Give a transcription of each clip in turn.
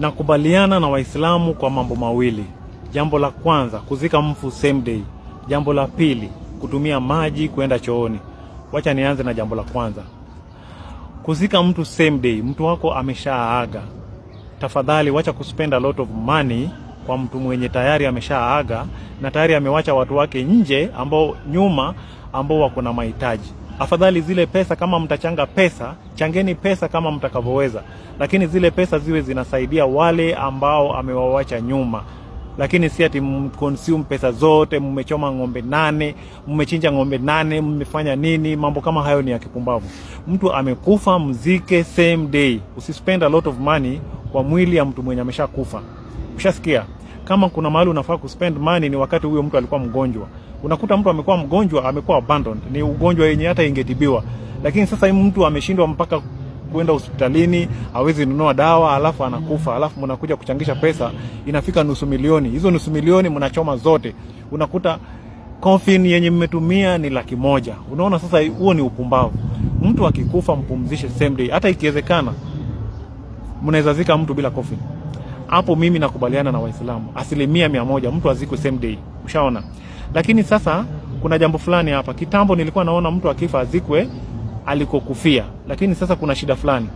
Nakubaliana na Waislamu kwa mambo mawili. Jambo la kwanza, kuzika mfu same day. Jambo la pili, kutumia maji kwenda chooni. Wacha nianze na jambo la kwanza. Kuzika mtu same day, mtu wako ameshaaga. Tafadhali wacha kuspend a lot of money kwa mtu mwenye tayari ameshaaga na tayari amewacha watu wake nje ambao nyuma ambao wako na mahitaji. Afadhali zile pesa, kama mtachanga pesa, changeni pesa kama mtakavyoweza, lakini zile pesa ziwe zinasaidia wale ambao amewawacha nyuma, lakini si ati mconsume pesa zote. Mmechoma ng'ombe nane, mmechinja ng'ombe nane, mmefanya nini? Mambo kama hayo ni ya kipumbavu. Mtu amekufa, mzike same day. Usispend a lot of money kwa mwili ya mtu mwenye ameshakufa. Ushasikia? Kama kuna mahali unafaa kuspend money ni wakati huyo mtu alikuwa mgonjwa. Unakuta mtu amekuwa mgonjwa, amekuwa abandoned, ni ugonjwa yenye hata ingetibiwa, lakini sasa hii mtu ameshindwa mpaka kwenda hospitalini, hawezi nunua dawa, alafu anakufa, alafu mnakuja kuchangisha pesa inafika nusu milioni. Hizo nusu milioni mnachoma zote, unakuta coffin yenye mmetumia ni laki moja. Unaona, sasa huo ni upumbavu. Mtu akikufa mpumzishe same day, hata ikiwezekana mnaweza zika mtu bila coffin hapo mimi nakubaliana na Waislamu asilimia mia moja, mtu azikwe same day, ushaona. Lakini sasa kuna jambo fulani hapa. Kitambo nilikuwa naona mtu akifa azikwe alikokufia, lakini sasa kuna shida fulani.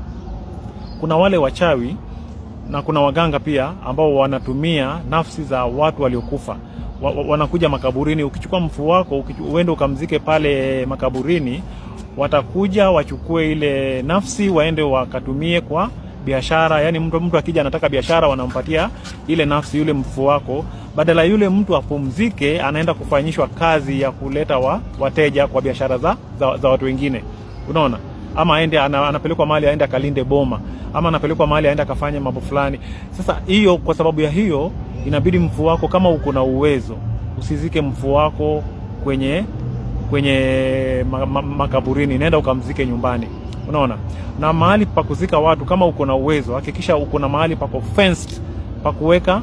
Kuna wale wachawi na kuna waganga pia ambao wanatumia nafsi za watu waliokufa wa, wa, wanakuja makaburini. Ukichukua mfu wako uende ukamzike pale makaburini, watakuja wachukue ile nafsi waende wakatumie kwa biashara. Yani mtu mtu akija anataka biashara, wanampatia ile nafsi, yule mfu wako, badala yule mtu apumzike, anaenda kufanyishwa kazi ya kuleta wa, wateja kwa biashara za, za, za watu wengine, unaona ama aende anapelekwa mahali aende akalinde boma ama anapelekwa mahali aende akafanye mambo fulani. Sasa hiyo, kwa sababu ya hiyo, inabidi mfu wako, kama uko na uwezo, usizike mfu wako kwenye kwenye makaburini, nenda ukamzike nyumbani unaona. Na mahali pa kuzika watu, kama uko na uwezo, hakikisha uko na mahali pako fenced pa kuweka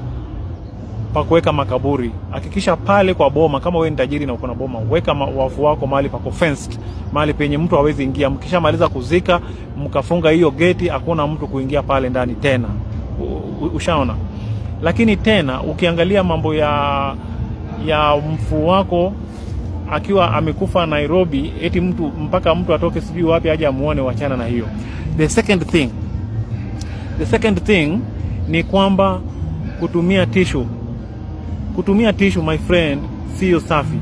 pa kuweka makaburi. Hakikisha pale kwa boma, kama wewe ni tajiri na uko na boma, weka wafu wako mahali pako fenced, mahali penye mtu hawezi ingia. Mkishamaliza kuzika, mkafunga hiyo geti, hakuna mtu kuingia pale ndani tena. Ushaona? Lakini tena ukiangalia mambo ya ya mfu wako akiwa amekufa Nairobi, eti mtu mpaka mtu atoke sijui wapi aje amuone. Wachana na hiyo. The second thing, the second thing ni kwamba kutumia tishu, kutumia tishu my friend, siyo safi.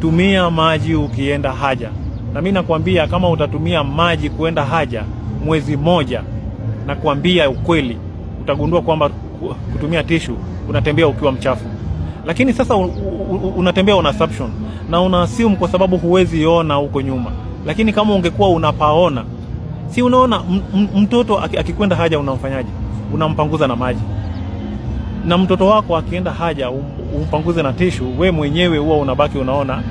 Tumia maji ukienda haja, na mimi nakwambia kama utatumia maji kuenda haja mwezi moja, nakwambia ukweli, utagundua kwamba kutumia tishu unatembea ukiwa mchafu lakini sasa unatembea una assumption na una assume kwa sababu huwezi ona huko nyuma, lakini kama ungekuwa unapaona, si unaona mtoto akikwenda haja unamfanyaje? Unampanguza na maji, na mtoto wako akienda haja um- umpanguze na tishu, we mwenyewe huwa unabaki unaona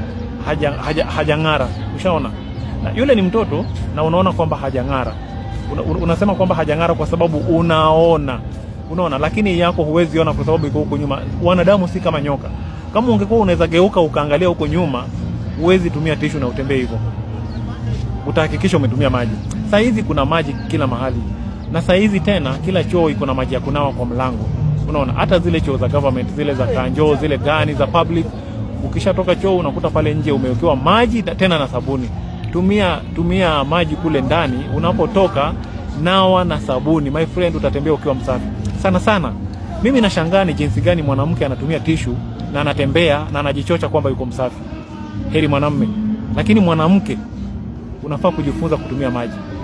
haja, haja, haja ng'ara. Ushaona na yule ni mtoto na unaona kwamba haja ng'ara, unasema kwamba haja ng'ara kwa sababu unaona unaona, lakini yako huwezi ona kwa sababu iko huko nyuma. Wanadamu si kama nyoka. Kama ungekuwa unaweza geuka ukaangalia huko nyuma, huwezi tumia tishu na utembee hivyo, utahakikisha umetumia maji. Saa hizi kuna maji kila mahali, na saa hizi tena kila choo iko na maji ya kunawa kwa mlango. Unaona, hata zile choo za government, zile za kanjo, zile gani za public, ukishatoka choo unakuta pale nje umewekewa maji tena na sabuni. Tumia tumia maji kule ndani, unapotoka nawa na sabuni, my friend, utatembea ukiwa msafi sana sana. Mimi nashangaa ni jinsi gani mwanamke anatumia tishu na anatembea na anajichocha kwamba yuko msafi. Heri mwanamme, lakini mwanamke unafaa kujifunza kutumia maji.